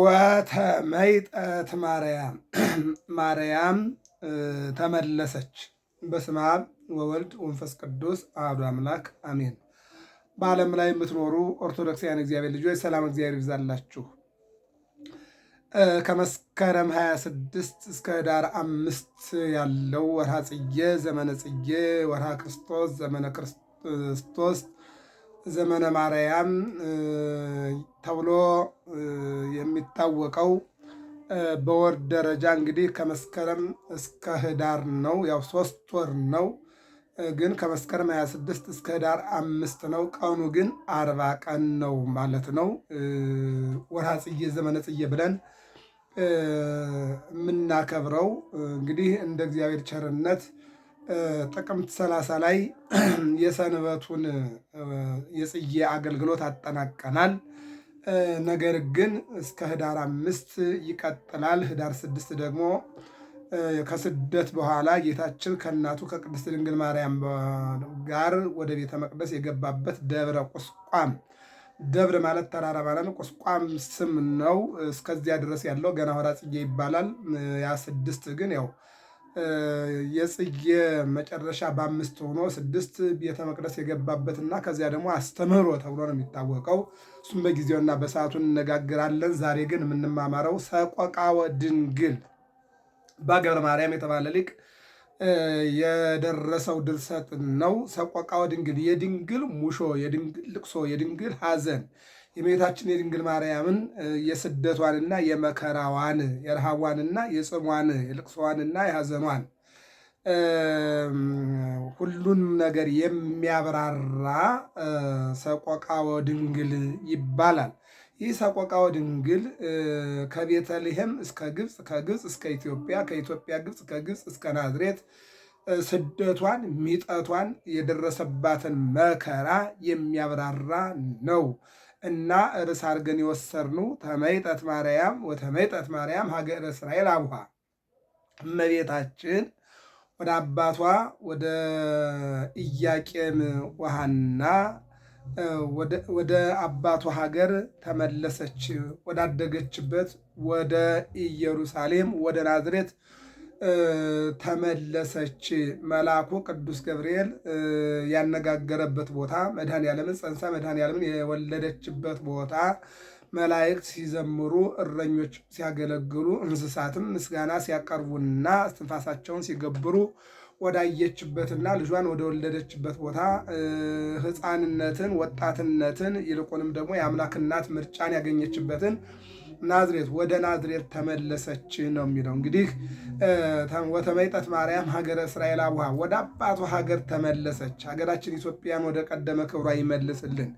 ወተመይጠት ማርያም ማርያም ተመለሰች። በስመ አብ ወወልድ ወንፈስ ቅዱስ አሐዱ አምላክ አሜን። በዓለም ላይ የምትኖሩ ኦርቶዶክሳውያን እግዚአብሔር ልጆች ሰላም እግዚአብሔር ይብዛላችሁ። ከመስከረም 26 እስከ ዳር አምስት ያለው ወርሃ ጽጌ ዘመነ ጽጌ ወርሃ ክርስቶስ ዘመነ ክርስቶስ ዘመነ ማርያም ተብሎ የሚታወቀው በወር ደረጃ እንግዲህ ከመስከረም እስከ ህዳር ነው። ያው ሶስት ወር ነው፣ ግን ከመስከረም 26 እስከ ህዳር አምስት ነው። ቀኑ ግን አርባ ቀን ነው ማለት ነው። ወርሃ ጽጌ ዘመነ ጽጌ ብለን የምናከብረው እንግዲህ እንደ እግዚአብሔር ቸርነት ጥቅምት ሰላሳ ላይ የሰንበቱን የጽጌ አገልግሎት አጠናቀናል። ነገር ግን እስከ ህዳር አምስት ይቀጥላል። ህዳር ስድስት ደግሞ ከስደት በኋላ ጌታችን ከእናቱ ከቅድስት ድንግል ማርያም ጋር ወደ ቤተ መቅደስ የገባበት ደብረ ቁስቋም ደብረ ማለት ተራራ ማለት ነው። ቁስቋም ስም ነው። እስከዚያ ድረስ ያለው ገና ሆራ ጽጌ ይባላል። ያ ስድስት ግን ያው የጽጌ መጨረሻ በአምስት ሆኖ ስድስት ቤተ መቅደስ የገባበትና ከዚያ ደግሞ አስተምህሮ ተብሎ ነው የሚታወቀው። እሱም በጊዜውና በሰዓቱ እንነጋግራለን። ዛሬ ግን የምንማማረው ሰቆቃወ ድንግል በገብረ ማርያም የተባለ ሊቅ የደረሰው ድርሰት ነው። ሰቆቃወ ድንግል የድንግል ሙሾ፣ የድንግል ልቅሶ፣ የድንግል ሐዘን የእመቤታችን የድንግል ማርያምን የስደቷንና የመከራዋን የረሃቧንና የጽሟን የልቅሶዋንና የሐዘኗን ሁሉን ነገር የሚያብራራ ሰቆቃወ ድንግል ይባላል። ይህ ሰቆቃወ ድንግል ከቤተልሔም እስከ ግብፅ፣ ከግብፅ እስከ ኢትዮጵያ፣ ከኢትዮጵያ ግብፅ፣ ከግብፅ እስከ ናዝሬት ስደቷን ሚጠቷን የደረሰባትን መከራ የሚያብራራ ነው። እና ርዕስ አድርገን የወሰርኑ ተመይጠት ማርያም ወተመይጠት ማርያም ሀገረ እስራኤል አቡሃ እመቤታችን ወደ አባቷ ወደ ኢያቄም ወሐና ወደ አባቷ ሀገር ተመለሰች፣ ወዳደገችበት ወደ ኢየሩሳሌም ወደ ናዝሬት ተመለሰች። መልአኩ ቅዱስ ገብርኤል ያነጋገረበት ቦታ መድኃኔዓለምን ጸንሳ መድኃኔዓለምን የወለደችበት ቦታ መላእክት ሲዘምሩ እረኞች ሲያገለግሉ እንስሳትም ምስጋና ሲያቀርቡና እስትንፋሳቸውን ሲገብሩ ወዳየችበትና ልጇን ወደ ወለደችበት ቦታ ሕፃንነትን፣ ወጣትነትን ይልቁንም ደግሞ የአምላክ እናት ምርጫን ያገኘችበትን ናዝሬት ወደ ናዝሬት ተመለሰች ነው የሚለው። እንግዲህ ወተመይጠት ማርያም ሀገረ እስራኤል አቡሃ ወደ አባቱ ሀገር ተመለሰች። ሀገራችን ኢትዮጵያን ወደ ቀደመ ክብሯ ይመልስልን።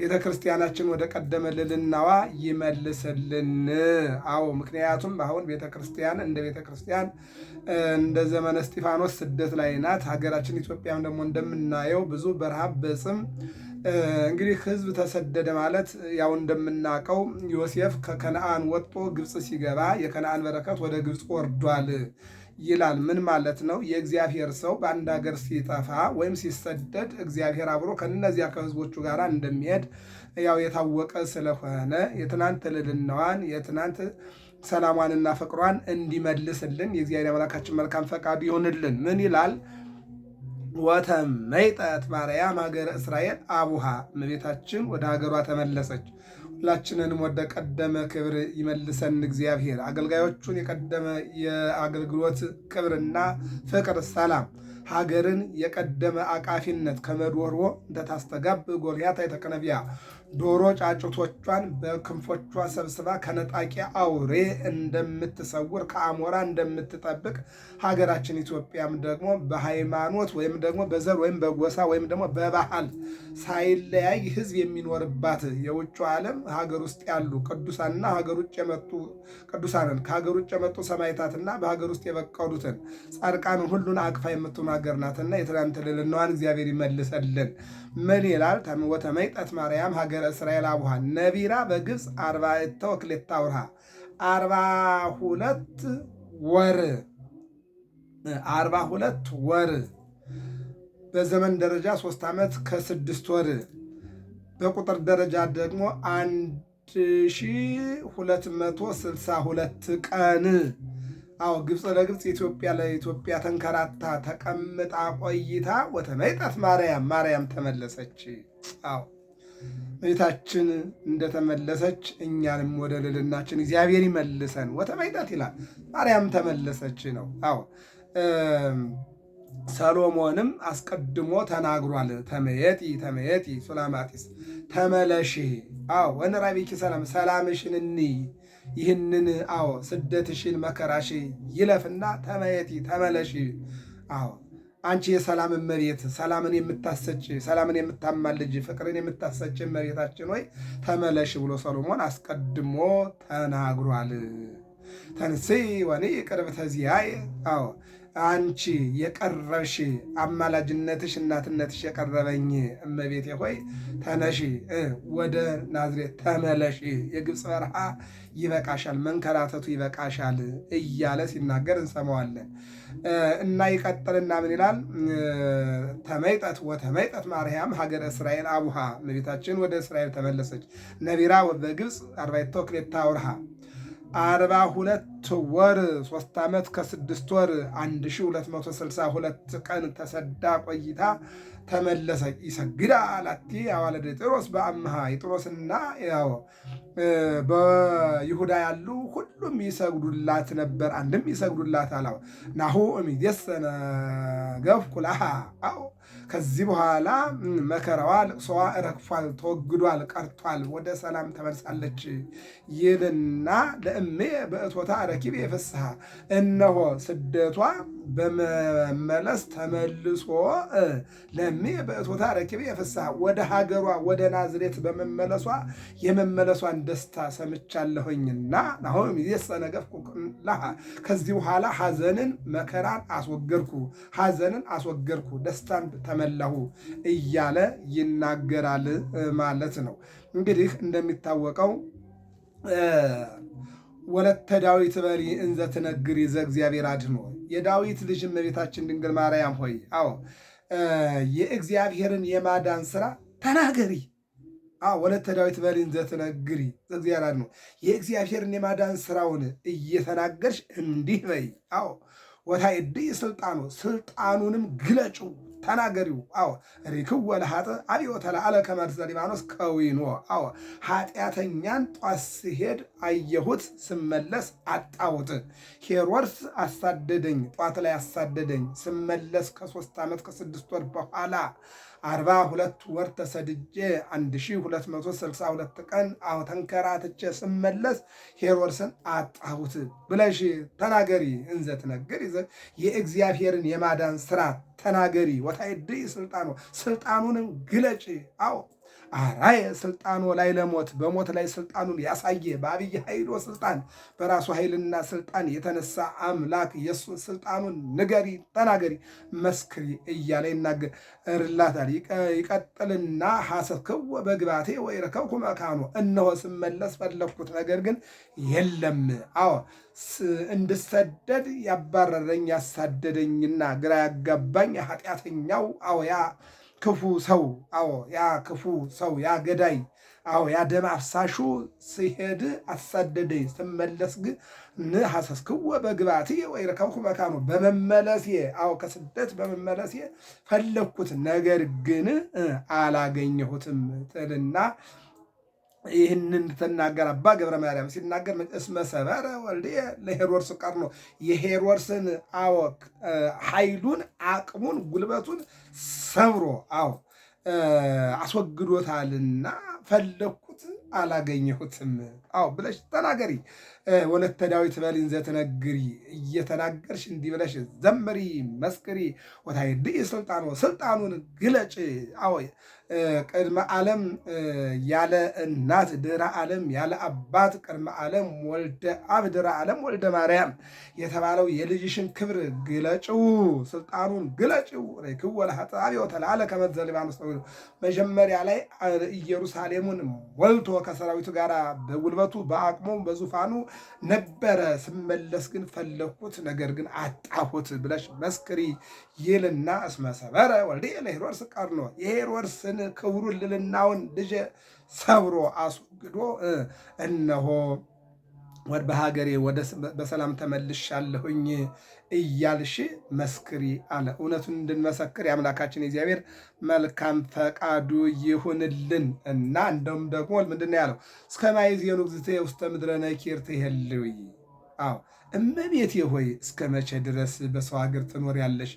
ቤተ ክርስቲያናችን ወደ ቀደመ ልልናዋ ይመልስልን። አዎ ምክንያቱም አሁን ቤተ ክርስቲያን እንደ ቤተ ክርስቲያን እንደ ዘመነ እስጢፋኖስ ስደት ላይ ናት። ሀገራችን ኢትዮጵያም ደግሞ እንደምናየው ብዙ በረሃብ በጽም እንግዲህ ህዝብ ተሰደደ ማለት ያው እንደምናውቀው ዮሴፍ ከከነአን ወጥቶ ግብፅ ሲገባ የከነአን በረከት ወደ ግብፅ ወርዷል ይላል። ምን ማለት ነው? የእግዚአብሔር ሰው በአንድ ሀገር ሲጠፋ ወይም ሲሰደድ እግዚአብሔር አብሮ ከነዚያ ከህዝቦቹ ጋር እንደሚሄድ ያው የታወቀ ስለሆነ የትናንት ልዕልናዋን የትናንት ሰላሟንና ፍቅሯን እንዲመልስልን የእግዚአብሔር አምላካችን መልካም ፈቃድ ይሆንልን። ምን ይላል? ወተመይጠት ማርያም ሀገረ እስራኤል አቡሃ እመቤታችን ወደ ሀገሯ ተመለሰች። ሁላችንንም ወደ ቀደመ ክብር ይመልሰን እግዚአብሔር። አገልጋዮቹን የቀደመ የአገልግሎት ክብርና ፍቅር ሰላም፣ ሀገርን የቀደመ አቃፊነት ከመድወርዎ እንደታስተጋብ ጎልያታ የተቀነቢያ ዶሮ ጫጩቶቿን በክንፎቿ ሰብስባ ከነጣቂ አውሬ እንደምትሰውር ከአሞራ እንደምትጠብቅ ሀገራችን ኢትዮጵያም ደግሞ በሃይማኖት ወይም ደግሞ በዘር ወይም በጎሳ ወይም ደግሞ በባህል ሳይለያይ ሕዝብ የሚኖርባት የውጭ ዓለም ሀገር ውስጥ ያሉ ቅዱሳንና ሀገር ውጭ የመጡ ቅዱሳንን ከሀገር ውጭ የመጡ ሰማይታትና በሀገር ውስጥ የበቀሉትን ጻድቃንን ሁሉን አቅፋ የምትሆን ሀገር ናትና የትናንት እግዚአብሔር ይመልሰልን። ምን ይላል ወተመይጠት ማርያም ሀገር ብሔረ እስራኤል አቡሃ ነቢራ በግብፅ አርባዕተ ወክልኤተ አውርሃ አርባ ሁለት ወር አርባ ሁለት ወር በዘመን ደረጃ ሶስት ዓመት ከስድስት ወር በቁጥር ደረጃ ደግሞ አንድ ሺህ ሁለት መቶ ስልሳ ሁለት ቀን አዎ ግብፅ ለግብፅ ኢትዮጵያ ለኢትዮጵያ ተንከራታ ተቀምጣ ቆይታ ወተመይጣት ማርያም ማርያም ተመለሰች። አዎ እህታችን እንደተመለሰች እኛንም ወደ ልልናችን እግዚአብሔር ይመልሰን። ወተመይጠት ይላል ማርያም ተመለሰች ነው። አዎ ሰሎሞንም አስቀድሞ ተናግሯል። ተመየጢ ተመየጢ ሱላማጢስ ተመለሺ። አዎ ወንራቤኪ ሰላም ሰላምሽን እኒ ይህንን አዎ ስደትሽን መከራሽ ይለፍና ተመየጢ ተመለሺ። አዎ አንቺ የሰላም እመቤት ሰላምን የምታሰጭ ሰላምን የምታማልጅ ፍቅርን የምታሰጭ እመቤታችን ሆይ ተመለሽ ብሎ ሰሎሞን አስቀድሞ ተናግሯል። ተንሴ ወኔ ቅርብ ዚአየ አዎ አንቺ የቀረብሽ አማላጅነትሽ እናትነትሽ የቀረበኝ እመቤቴ ሆይ ተነሺ፣ ወደ ናዝሬት ተመለሺ፣ የግብፅ በረሃ ይበቃሻል፣ መንከራተቱ ይበቃሻል እያለ ሲናገር እንሰማዋለን እና ይቀጥልና ምን ይላል? ተመይጠት ወተመይጠት ማርያም ሀገረ እስራኤል አቡሃ እመቤታችን ወደ እስራኤል ተመለሰች። ነቢራ በግብፅ አርባይቶ ክሌታ አርባ ሁለት ወር ሶስት ዓመት ከስድስት ወር አንድ ሺ ሁለት መቶ ስልሳ ሁለት ቀን ተሰዳ ቆይታ ተመለሰ። ይሰግዳ አላቲ አዋለደ ጢሮስ በአምሃ የጢሮስና በይሁዳ ያሉ ሁሉም ይሰግዱላት ነበር። አንድም ይሰግዱላት አላው ናሁ እሚዜሰነ ገፍ ኩላሃ አው ከዚህ በኋላ መከራዋ፣ ልቅሶዋ ረግፏል፣ ተወግዷል፣ ቀርቷል፣ ወደ ሰላም ተመልሳለች ይልና ለእሜ በእቶታ ረኪብ የፍስሐ እነሆ ስደቷ በመመለስ ተመልሶ ለሚ በእቶታ ረኪቤ የፍስሐ ወደ ሀገሯ ወደ ናዝሬት በመመለሷ የመመለሷን ደስታ ሰምቻለሁኝና አሁን ጊዜ ነገፍኩ ለሃ ከዚህ በኋላ ሐዘንን መከራን አስወገርኩ፣ ሐዘንን አስወገርኩ፣ ደስታን ተመላሁ እያለ ይናገራል ማለት ነው። እንግዲህ እንደሚታወቀው ወለተ ዳዊት በሊ እንዘ ትነግሪ ዘእግዚአብሔር አድኅኖ የዳዊት ልጅ እመቤታችን ድንግል ማርያም ሆይ፣ አዎ የእግዚአብሔርን የማዳን ስራ ተናገሪ። ወለተ ዳዊት በሊን ዘትነግሪ እግዚአብሔር ነው። የእግዚአብሔርን የማዳን ስራውን እየተናገርሽ እንዲህ በይ። አዎ ወታይድ ስልጣኑ ስልጣኑንም ግለጩ። ተናገሪው። አዎ ሪክው ወለሀጥ አብዮተ ለአለ ከመርዘ ሊባኖስ ከዊኖ አዎ ኃጢአተኛን ጧት ስሄድ አየሁት፣ ስመለስ አጣሁት። ሄሮድስ አሳደደኝ፣ ጧት ላይ አሳደደኝ። ስመለስ ከሶስት ዓመት ከስድስት ወር በኋላ አርባ ሁለት ወር ተሰድጄ አንድ ሺ ሁለት መቶ ስልሳ ሁለት ቀን አሁ ተንከራትቼ ስመለስ ሄሮድስን አጣሁት ብለሽ ተናገሪ እንዘ ይዘ የእግዚአብሔርን የማዳን ስራ ተናገሪ ወታይድ ስልጣኑ ስልጣኑንም ግለጪ አዎ አራየ ስልጣኑ ላይ ለሞት በሞት ላይ ስልጣኑን ያሳየ በአብይ ኃይሎ ስልጣን በራሱ ኃይልና ስልጣን የተነሳ አምላክ የእሱን ስልጣኑን ንገሪ፣ ተናገሪ፣ መስክሪ እያለ ይናገርላታል። ይቀጥልና ሐሰክው በግባቴ ወይረከብኩ መካኖ፣ እነሆ ስመለስ ፈለግኩት ነገር ግን የለም። አዎ እንድሰደድ ያባረረኝ ያሳደደኝና ግራ ያጋባኝ ኃጢአተኛው አውያ ክፉ ሰው አዎ፣ ያ ክፉ ሰው ያ ገዳይ አዎ፣ ያ ደም አፍሳሹ ሲሄድ አሳደደ ስመለስ ግ ሀሰስክወ በግባት ወይ ረከብኩ መካኑ፣ በመመለሴ አዎ፣ ከስደት በመመለሴ ፈለግኩት፣ ነገር ግን አላገኘሁትም ጥልና ይህንን ተናገር አባ ገብረ ማርያም ሲናገር እስመ ሰበረ ወልድየ ለሄሮድስ ቀርኖ የሄሮድስን አወክ ኃይሉን አቅሙን ጉልበቱን ሰብሮ አዎ አስወግዶታልና ፈለግኩት አላገኘሁትም። አዎ ብለሽ ተናገሪ። ወለተ ዳዊት በሊን ዘትነግሪ እየተናገርሽ እንዲህ ብለሽ ዘምሪ፣ መስክሪ። ወታይድኢ ስልጣኖ ስልጣኑን ግለጭ። አዎ ቅድመ ዓለም ያለ እናት ድረ ዓለም ያለ አባት ቅድመ ዓለም ወልደ አብ ድረ ዓለም ወልደ ማርያም የተባለው የልጅሽን ክብር ግለጭው፣ ስልጣኑን ግለጭው። ክወለ ሀጣቢ ወተላለ ከመዘ ሊባኖስ መጀመሪያ ላይ ኢየሩሳሌም ኢየሩሳሌሙን ሞልቶ ከሰራዊቱ ጋር በጉልበቱ በአቅሙ በዙፋኑ ነበረ። ስመለስ ግን ፈለግኩት፣ ነገር ግን አጣሁት ብለሽ መስክሪ ይልና እስመሰበረ ወልድየ ለሄሮድስ ቀርኖ የሄሮድስን ክብሩን ልልናውን ልጄ ሰብሮ አስወግዶ እነሆ ወደ በሀገሬ በሰላም ተመልሻለሁኝ እያልሽ መስክሪ አለ። እውነቱን እንድንመሰክር የአምላካችን እግዚአብሔር መልካም ፈቃዱ ይሁንልን እና እንደውም ደግሞ ምንድን ነው ያለው? እስከ ማይዜኑ ግዝእትየ ውስተ ምድረ ነኪር ትሄልዊ። አዎ እመቤቴ ሆይ እስከ መቼ ድረስ በሰው ሀገር ትኖሪያለሽ?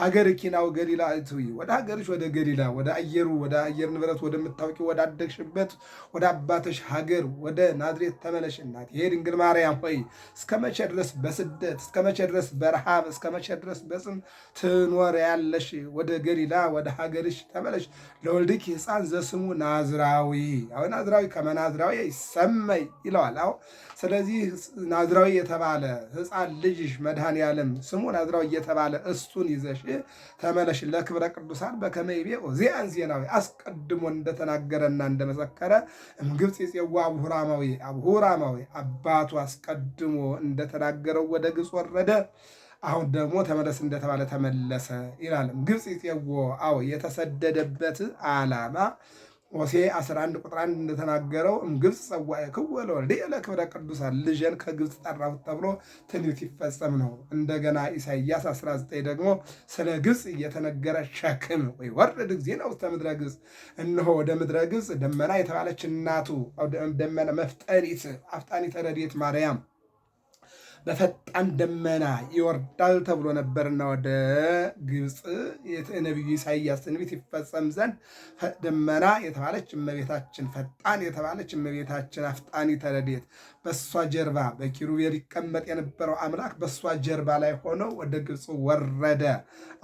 ሀገር ኪናው ገሊላ እትዊ ወደ ሀገርሽ ወደ ገሊላ ወደ አየሩ ወደ አየር ንብረት ወደምታውቂ ወደ አደግሽበት ወደ አባተሽ ሀገር ወደ ናዝሬት ተመለሽ እናት። ይሄ ድንግል ማርያም ሆይ እስከ መቼ ድረስ በስደት እስከ መቼ ድረስ በረሃብ እስከ መቼ ድረስ በጽም ትኖሪያለሽ? ወደ ገሊላ ወደ ሀገርሽ ተመለሽ። ለወልድኪ ሕፃን ዘስሙ ናዝራዊ። አሁ ናዝራዊ ከመናዝራዊ ይሰመይ ይለዋል። አሁ ስለዚህ ናዝራዊ የተባለ ሕፃን ልጅሽ መድኃኔ ስሙን ስሙ እየተባለ እሱን ይዘሽ ተመለሽ ለክብረ ቅዱሳን በከመ ይቤ ዚያን ዜናዊ አስቀድሞ እንደተናገረና እንደመሰከረ እምግብፅ የጽዋ አብሁራማዊ አብሁራማዊ አባቱ አስቀድሞ እንደተናገረው ወደ ግብፅ ወረደ። አሁን ደግሞ ተመለስ እንደተባለ ተመለሰ ይላል። ግብፅ የጽዎ አዎ የተሰደደበት አላማ። ሆሴዕ 11 ቁጥር 1 እንደተናገረው እምግብፅ ጸዋዕክወ ለወልድየ ለክብረ ቅዱሳን ልጄን ከግብፅ ጠራሁት ተብሎ ትንቢት ይፈጸም ነው። እንደገና ኢሳይያስ 19 ደግሞ ስለ ግብፅ እየተነገረ ሸክም ወይወርድ ጊዜ ነው ውስተ ምድረ ግብፅ፣ እነሆ ወደ ምድረ ግብፅ ደመና የተባለች እናቱ ደመና መፍጠሪት አፍጣኒተ ረድኤት ማርያም በፈጣን ደመና ይወርዳል ተብሎ ነበርና ወደ ግብፅ የነቢዩ ኢሳይያስ ትንቢት ይፈጸም ዘንድ ደመና የተባለች እመቤታችን፣ ፈጣን የተባለች እመቤታችን አፍጣኒ ተረዴት በእሷ ጀርባ በኪሩቤል ይቀመጥ የነበረው አምላክ በእሷ ጀርባ ላይ ሆኖ ወደ ግብፅ ወረደ።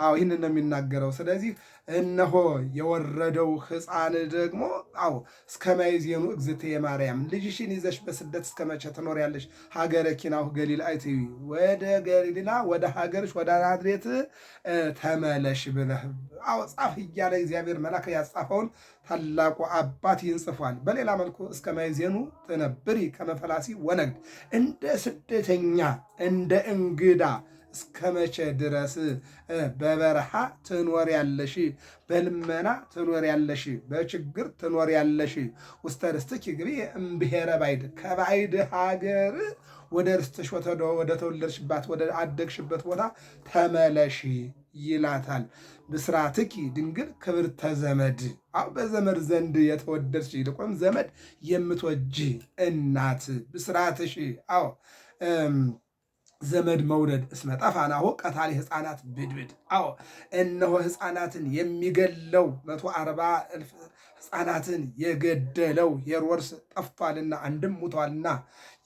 አዎ ይህንን ነው የሚናገረው። ስለዚህ እነሆ የወረደው ሕፃን ደግሞ አዎ እስከ ማይዜኑ እግዝእትየ ማርያም ልጅሽን ይዘሽ በስደት እስከ መቼ ትኖሪያለሽ? ሀገረ ኪናሁ ገሊላዊት ወደ ገሊላ ወደ ሀገርሽ ወደ ናዝሬት ተመለሽ ብለህ አዎ ጻፍ እያለ እግዚአብሔር መልአክ ያጻፈውን ታላቁ አባት ይንጽፏል። በሌላ መልኩ እስከ ማይዜኑ ትነብሪ ከመፈላሲ ወነግድ እንደ ስደተኛ እንደ እንግዳ እስከ መቼ ድረስ በበረሃ ትኖር ያለሽ? በልመና ትኖር ያለሽ? በችግር ትኖር ያለሽ? ውስተ ርስትኪ ግቢ እምብሔረ ባይድ ከባይድ ሀገር ወደ ርስትሽ ወደ ተወለድሽባት ወደ አደግሽበት ቦታ ተመለሺ ይላታል። ብስራትኪ ድንግል ክብር ተዘመድ አሁ በዘመድ ዘንድ የተወደድሽ ይልቁንም ዘመድ የምትወጂ እናት ብስራትሽ አዎ ዘመድ መውደድ እስመ ጠፋናሁ ቀታሊ ሕፃናት ብድብድ። አዎ እነሆ ሕፃናትን የሚገለው መቶ አርባ እልፍ ሕፃናትን የገደለው ሄሮድስ ጠፍቷልና አንድም ሙቷልና፣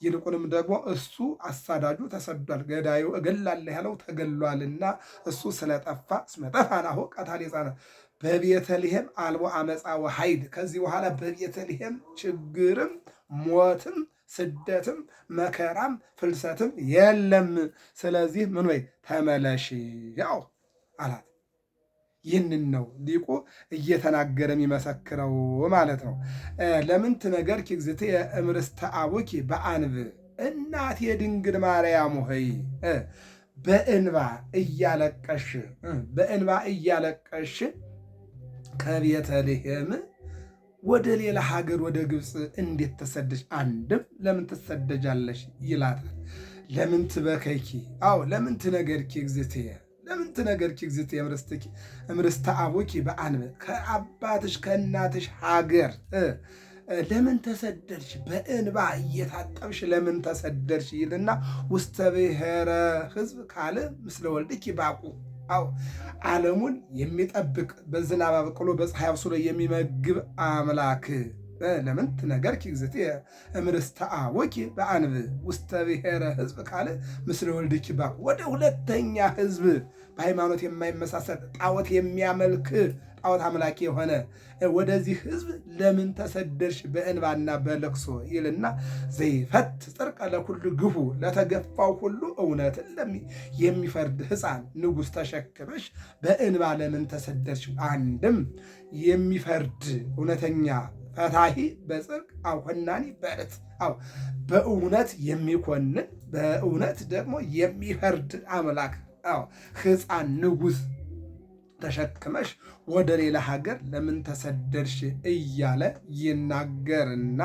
ይልቁንም ደግሞ እሱ አሳዳጁ ተሰዷል፣ ገዳዩ እገላለሁ ያለው ተገሏልና እሱ ስለጠፋ እስመ ጠፋናሁ ቀታሊ ሕፃናት በቤተልሔም አልቦ አመፃ ወኃይድ። ከዚህ በኋላ በቤተልሔም ችግርም ሞትም ስደትም መከራም ፍልሰትም የለም። ስለዚህ ምን ወይ ተመለሽ ያው አላት። ይህንን ነው ሊቁ እየተናገረ የሚመሰክረው ማለት ነው። ለምንት ነገርኪ እግዝእትየ እምርስተ አቡኪ በአንብ እናቴ ድንግል ማርያም ሆይ በእንባ እያለቀሽ በእንባ እያለቀሽ ከቤተልሔም ወደ ሌላ ሀገር ወደ ግብፅ እንዴት ተሰደሽ? አንድም ለምን ትሰደጃለሽ ይላታል። ለምን ትበከኪ? አዎ ለምን ትነገርኪ እግዝእትየ ለምን ትነገርኪ እግዝእትየ እምርስተ አቡኪ በአንበ ከአባትሽ ከእናትሽ ሀገር ለምን ተሰደድሽ? በእንባ እየታጠብሽ ለምን ተሰደድሽ? ይልና ውስተ ብሔረ ሕዝብ ካለ ምስለ ወልድኪ ባቁ አዎ ዓለሙን የሚጠብቅ በዝናብ አበቅሎ በፀሐይ አብስሎ የሚመግብ አምላክ ለምን ትነገርኪ እግዝእትየ እምርስተ አቡኪ በአንብ ውስተ ብሔረ ሕዝብ ካለ ምስለ ወልድኪ እባክህ ወደ ሁለተኛ ህዝብ በሃይማኖት የማይመሳሰል ጣዖት የሚያመልክ ጣዖት አምላኪ የሆነ ወደዚህ ህዝብ ለምን ተሰደድሽ በእንባና በለቅሶ ይልና ዘይፈት ጽርቀ ለሁሉ ግፉ ለተገፋው ሁሉ እውነትን የሚፈርድ ህፃን ንጉሥ ተሸክመሽ በእንባ ለምን ተሰደድሽ? አንድም የሚፈርድ እውነተኛ ፈታሂ በጽርቅ አው ሆናኒ በእለት አው በእውነት የሚኮንን በእውነት ደግሞ የሚፈርድ አምላክ ሕፃን ንጉሥ ተሸክመሽ ወደ ሌላ ሀገር ለምን ተሰደድሽ? እያለ ይናገርና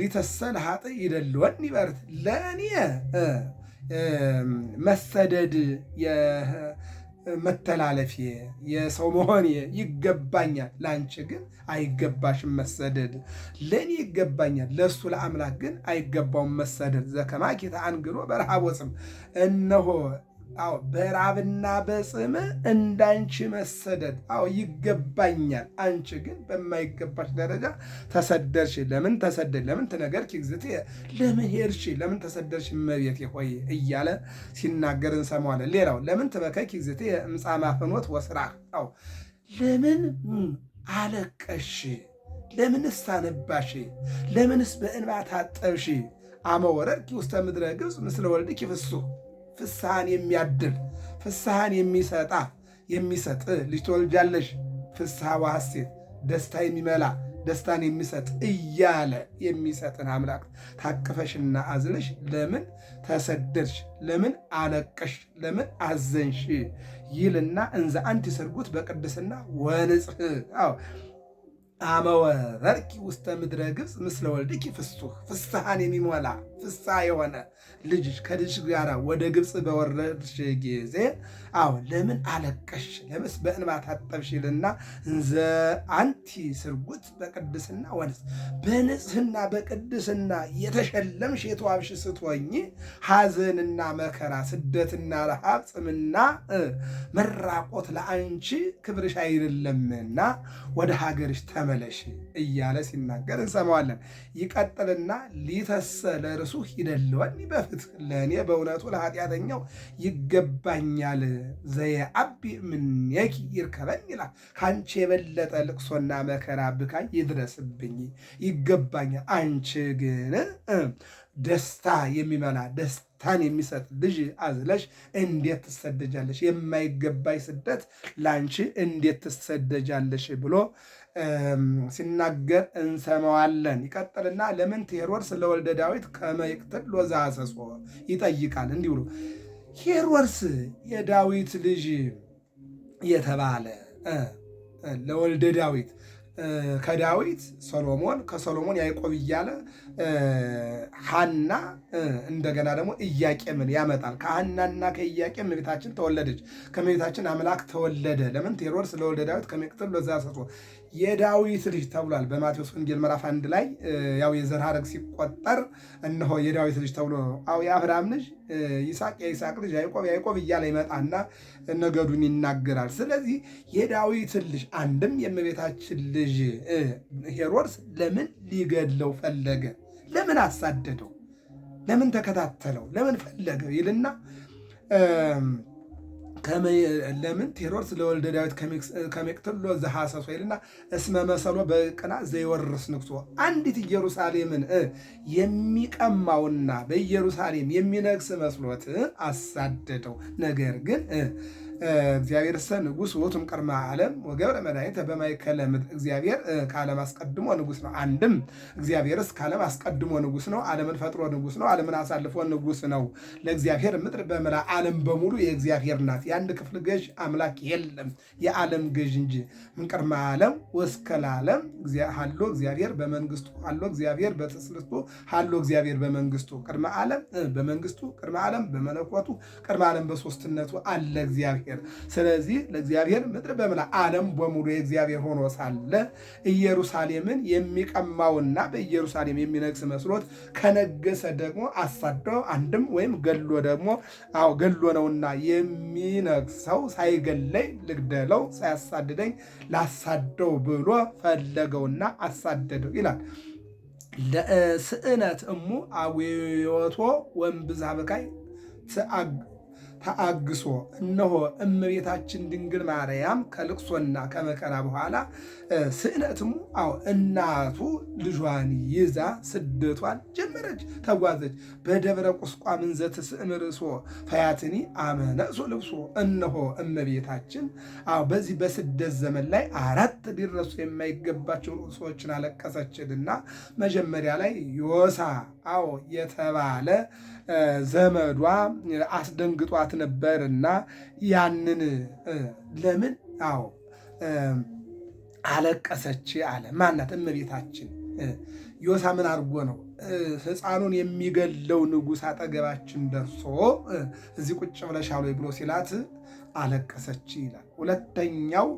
ሊተሰ ለሀጥ ይደልወን ይበርት ለእኔ መሰደድ መተላለፌ የሰው መሆኔ ይገባኛል። ለአንቺ ግን አይገባሽም መሰደድ። ለእኔ ይገባኛል፣ ለእሱ ለአምላክ ግን አይገባውም መሰደድ። ዘከማኪ ተአንግኖ በረሃቦፅም እነሆ አዎ በራብና በጽም እንዳንቺ መሰደድ አዎ ይገባኛል። አንቺ ግን በማይገባሽ ደረጃ ተሰደርሽ። ለምን ተሰደድ ለምን ትነገርኪ እግዝእትየ ለምን ሄድሽ ለምን ተሰደርሽ እመቤቴ ሆይ እያለ ሲናገር እንሰማዋለን። ሌላው ለምን ትበከኪ እግዝእትየ እምጻመ አፍኖት ወስራህ አዎ ለምን አለቀሽ? ለምንስ አነባሽ? ለምንስ በእንባ ታጠብሽ? አመ ውስተ ምድረ ግብፅ ምስለ ወልድኪ ፍሱሕ ፍስሐን የሚያድል ፍስሐን የሚሰጣ የሚሰጥ ልጅ ትወልጃለሽ፣ ፍስሐ ወሐሴት ደስታ የሚመላ ደስታን የሚሰጥ እያለ የሚሰጥን አምላክ ታቅፈሽና አዝነሽ ለምን ተሰደድሽ፣ ለምን አለቀሽ፣ ለምን አዘንሽ ይልና እንዘ አንቲ ሰርጉት በቅድስና ወንጽህ አመወረርኪ ውስተ ምድረ ግብፅ ምስለ ወልድኪ ፍሱህ ፍስሐን የሚሞላ ፍስሐ የሆነ ልጅሽ ከልጅሽ ጋር ወደ ግብፅ በወረድሽ ጊዜ አዎ ለምን አለቀሽ? ለምስ በእንባ ታጠብሽልና እንዘ አንቲ ስርጉት በቅድስና ወንስ በንጽህና በቅድስና የተሸለምሽ የተዋብሽ ስትሆኝ ሐዘንና መከራ፣ ስደትና ረሃብ፣ ጽምና መራቆት ለአንቺ ክብርሽ አይደለምና ወደ ሀገርሽ ተመለሽ እያለ ሲናገር እንሰማዋለን። ይቀጥልና ሊተሰ ለርሱ እርሱ ሂደለወኒ በፍትሕ ለእኔ በእውነቱ ለኃጢአተኛው ይገባኛል። ዘየአቢ እምኔኪ ይርከበን ይላል። ከአንቺ የበለጠ ልቅሶና መከራ ብካ ይድረስብኝ ይገባኛል። አንቺ ግን ደስታ የሚመላ ደስታን የሚሰጥ ልጅ አዝለሽ እንዴት ትሰደጃለሽ? የማይገባኝ ስደት ለአንቺ እንዴት ትሰደጃለሽ? ብሎ ሲናገር እንሰማዋለን። ይቀጥልና ለምን ሄሮድስ ለወልደ ዳዊት ከመ ይቅትል ሎዛ ይጠይቃል። እንዲህ ብሎ ሄሮድስ የዳዊት ልጅ የተባለ ለወልደ ዳዊት ከዳዊት ሰሎሞን ከሰሎሞን ያዕቆብ እያለ ሐና እንደገና ደግሞ እያቄምን ያመጣል። ከሐናና ከኢያቄም እመቤታችን ተወለደች። ከእመቤታችን አምላክ ተወለደ። ለምን ቴሮድስ ለወልደ ዳዊት ከመቅትል ለዘያሰጽ የዳዊት ልጅ ተብሏል። በማቴዎስ ወንጌል ምዕራፍ አንድ ላይ ያው የዘር ሐረግ ሲቆጠር እነሆ የዳዊት ልጅ ተብሎ አው የአብርሃም ልጅ ይስሐቅ፣ የይስሐቅ ልጅ ያዕቆብ፣ ያዕቆብ እያለ ይመጣና ነገዱን ይናገራል። ስለዚህ የዳዊት ልጅ አንድም የእመቤታችን ልጅ ሄሮድስ ለምን ሊገድለው ፈለገ? ለምን አሳደደው? ለምን ተከታተለው? ለምን ፈለገው? ይልና ለምን ቴሮድስ ለወልደ ዳዊት ከመቅትሎ ዘሐሰሶ ይልና እስመ መሰሎ በቅና ዘይወርስ ንግሶ አንዲት ኢየሩሳሌምን የሚቀማውና በኢየሩሳሌም የሚነግስ መስሎት አሳደደው። ነገር ግን እግዚአብሔር ሰ ንጉስ ውእቱም ቅድመ ዓለም ወገብረ መድኃኒተ በማእከለ ምድር። እግዚአብሔር ከዓለም አስቀድሞ ንጉስ ነው። አንድም እግዚአብሔርስ ከዓለም አስቀድሞ ንጉስ ነው። ዓለምን ፈጥሮ ንጉስ ነው። ዓለምን አሳልፎ ንጉስ ነው። ለእግዚአብሔር ምድር በምላ ዓለም በሙሉ የእግዚአብሔር ናት። የአንድ ክፍል ገዥ አምላክ የለም፣ የዓለም ገዥ እንጂ። ምንቅድመ ዓለም ወስከ ለዓለም ሀሎ እግዚአብሔር በመንግስቱ ሀሎ እግዚአብሔር በትስልቱ ሀሎ እግዚአብሔር በመንግስቱ ቅድመ ዓለም በመንግስቱ ቅድመ ዓለም በመለኮቱ ቅድመ ዓለም በሶስትነቱ አለ እግዚአብሔር እግዚአብሔር። ስለዚህ ለእግዚአብሔር ምድር በምላ ዓለም በሙሉ የእግዚአብሔር ሆኖ ሳለ ኢየሩሳሌምን የሚቀማውና በኢየሩሳሌም የሚነግስ መስሎት ከነገሰ ደግሞ አሳዶ አንድም ወይም ገሎ ደግሞ አዎ ገሎ ነውና የሚነግሰው ሳይገለይ ልግደለው ሳያሳድደኝ ላሳደው ብሎ ፈለገውና አሳደደው ይላል። ስእነት እሙ አዊወቶ ወንብዛ በካይ ተአግሶ እነሆ እመቤታችን ድንግል ማርያም ከልቅሶና ከመከራ በኋላ ስእነትሙ አው እናቱ ልጇን ይዛ ስደቷን ጀመረች፣ ተጓዘች። በደብረ ቁስቋ ምንዘት ስእም ፈያትኒ አመነሶ ልብሶ። እነሆ እመቤታችን አው በዚህ በስደት ዘመን ላይ አራት ሊረሱ የማይገባቸው ሰዎችን አለቀሰችልና መጀመሪያ ላይ ዮሳ አዎ የተባለ ዘመዷ አስደንግጧት ነበር ያንን ለምን አዎ አለቀሰች አለ። ማናት? እመቤታችን። ዮሳ ምን አድርጎ ነው ህፃኑን የሚገለው ንጉሥ አጠገባችን ደርሶ እዚህ ቁጭ ብለሻል ወይ ብሎ ሲላት አለቀሰች ይላል። ሁለተኛው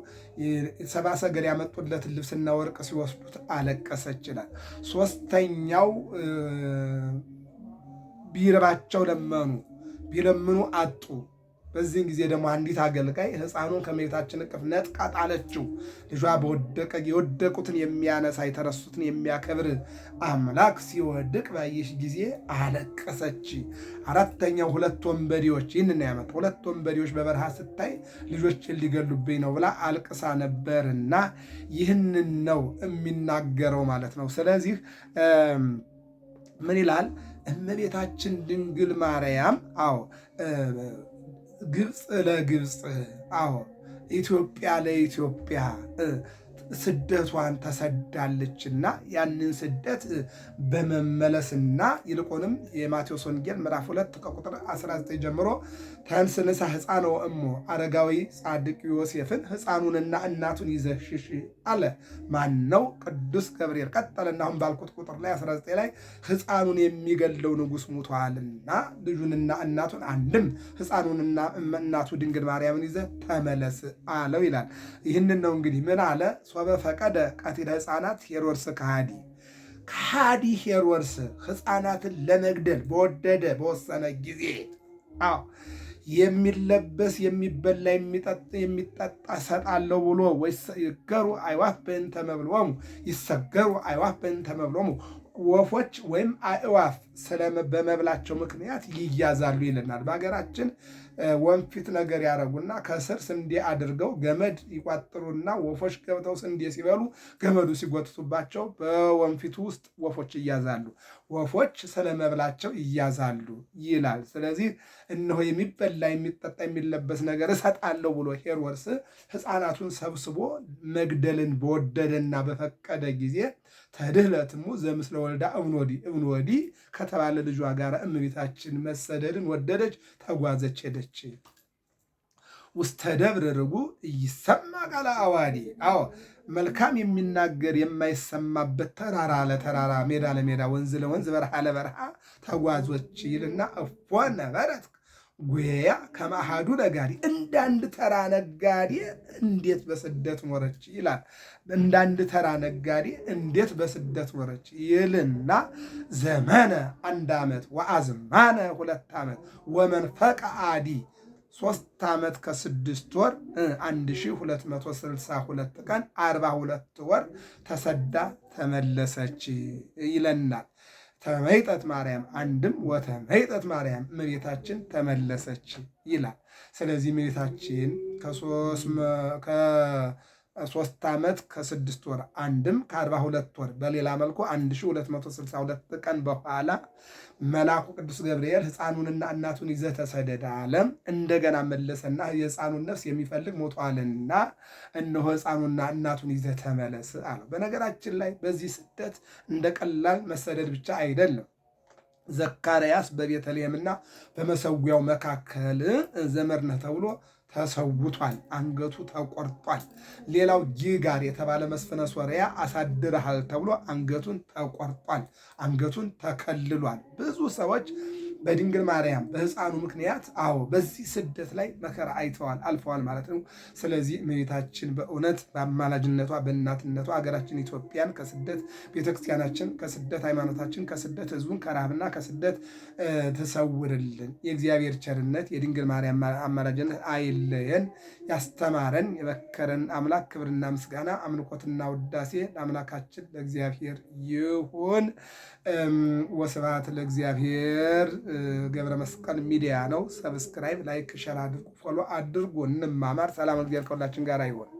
ሰብአ ሰገል ያመጡለትን ልብስና ወርቅ ሲወስዱት አለቀሰች ይላል። ሶስተኛው ቢርባቸው ለመኑ ቢለምኑ አጡ በዚህን ጊዜ ደግሞ አንዲት አገልጋይ ህፃኑን ከመቤታችን እቅፍ ነጥቃ ጣለችው። ልጇ በወደቀ የወደቁትን የሚያነሳ የተረሱትን የሚያከብር አምላክ ሲወድቅ ባየሽ ጊዜ አለቀሰች። አራተኛው ሁለት ወንበዴዎች ይህንን ያመጣ ሁለት ወንበዴዎች በበረሃ ስታይ ልጆችን ሊገሉብኝ ነው ብላ አልቅሳ ነበርና ይህንን ነው የሚናገረው ማለት ነው። ስለዚህ ምን ይላል እመቤታችን ድንግል ማርያም አዎ ግብፅ ለግብፅ አዎ ኢትዮጵያ ለኢትዮጵያ ስደቷን ተሰዳለችና ያንን ስደት በመመለስና ይልቁንም የማቴዎስ ወንጌል ምዕራፍ 2 ከቁጥር 19 ጀምሮ ተንስንሳ ህፃኖ እሞ አረጋዊ ጻድቅ ዮሴፍን ህፃኑንና እናቱን ይዘህ ሽሽ አለ። ማነው? ቅዱስ ገብርኤል። ቀጠለና አሁን ባልኩት ቁጥር ላይ 19 ላይ ህፃኑን የሚገለው ንጉሥ ሙቷልና ልጁንና እናቱን አንድም ህፃኑንና እናቱ ድንግል ማርያምን ይዘህ ተመለስ አለው ይላል። ይህንን ነው እንግዲህ ምን አለ? ሶበ ፈቀደ ቀቲለ ህፃናት ሄሮድስ ከሃዲ ከሃዲ ሄሮድስ ህፃናትን ለመግደል በወደደ በወሰነ ጊዜ አዎ የሚለበስ የሚበላ የሚጠጣ ሰጣለው ብሎ ወይሰገሩ አይዋፍ በእንተ መብሎሙ ይሰገሩ አይዋፍ በእንተ መብሎሙ ወፎች ወይም አእዋፍ በመብላቸው ምክንያት ይያዛሉ ይለናል። በሀገራችን ወንፊት ነገር ያደረጉና ከስር ስንዴ አድርገው ገመድ ይቋጥሩና ወፎች ገብተው ስንዴ ሲበሉ ገመዱ ሲጎትቱባቸው በወንፊቱ ውስጥ ወፎች ይያዛሉ። ወፎች ስለመብላቸው ይያዛሉ ይላል። ስለዚህ እነሆ የሚበላ የሚጠጣ የሚለበስ ነገር እሰጣለሁ ብሎ ሄሮድስ ሕፃናቱን ሰብስቦ መግደልን በወደደና በፈቀደ ጊዜ ተድህለትሙ ዘምስለ ወልዳ እብንወዲ እብንወዲ ከተባለ ልጇ ጋር እመቤታችን መሰደድን ወደደች፣ ተጓዘች፣ ሄደች። ውስተ ደብር ርጉ እይሰማ ቃለ አዋዲ አዎ መልካም የሚናገር የማይሰማበት ተራራ ለተራራ ሜዳ ለሜዳ ወንዝ ለወንዝ በረሃ ለበረሃ ተጓዞች ይልና እፎ ነበረት ጉያ ከማሃዱ ነጋዴ እንዳንድ ተራ ነጋዴ እንዴት በስደት ኖረች ይላል። እንዳንድ ተራ ነጋዴ እንዴት በስደት ኖረች ይልና ዘመነ አንድ ዓመት ወአዝማነ ሁለት ዓመት ወመንፈቀ አዲ ሶስት ዓመት ከስድስት ወር 1262 ቀን 42 ወር ተሰዳ ተመለሰች ይለናል። ተመይጠት ማርያም አንድም ወተመይጠት ማርያም እመቤታችን ተመለሰች ይላል። ስለዚህ እመቤታችን ከሶስት ሶስት ዓመት ከስድስት ወር አንድም ከአርባ ሁለት ወር በሌላ መልኩ ሁለት ቀን በኋላ መልአኩ ቅዱስ ገብርኤል ሕፃኑንና እናቱን ይዘ ተሰደደ አለ። እንደገና መለሰና የሕፃኑን ነፍስ የሚፈልግ ሞቷልና እነሆ ሕፃኑና እናቱን ይዘ ተመለስ አለ። በነገራችን ላይ በዚህ ስደት እንደ ቀላል መሰደድ ብቻ አይደለም። ዘካርያስ በቤተልሔምና በመሰዊያው መካከል ዘመድ ነህ ተብሎ ተሰውቷል፣ አንገቱ ተቆርጧል። ሌላው ጊጋር የተባለ መስፍነ ሶርያ አሳድረሃል ተብሎ አንገቱን ተቆርጧል፣ አንገቱን ተከልሏል። ብዙ ሰዎች በድንግል ማርያም በህፃኑ ምክንያት አዎ በዚህ ስደት ላይ መከራ አይተዋል አልፈዋል ማለት ነው። ስለዚህ እመቤታችን በእውነት በአማላጅነቷ በእናትነቷ ሀገራችን ኢትዮጵያን ከስደት ቤተክርስቲያናችን ከስደት ሃይማኖታችን ከስደት ህዝቡን ከረሃብና ከስደት ትሰውርልን። የእግዚአብሔር ቸርነት የድንግል ማርያም አማላጅነት አይለየን። ያስተማረን የመከረን አምላክ ክብርና ምስጋና አምልኮትና ውዳሴ ለአምላካችን ለእግዚአብሔር ይሁን። ወስብሐት ለእግዚአብሔር። ገብረ መስቀል ሚዲያ ነው። ሰብስክራይብ፣ ላይክ፣ ሸር አድርጉ፣ ፎሎ አድርጉ። እንማማር። ሰላም፣ እግዚአብሔር ከሁላችን ጋር ይሁን።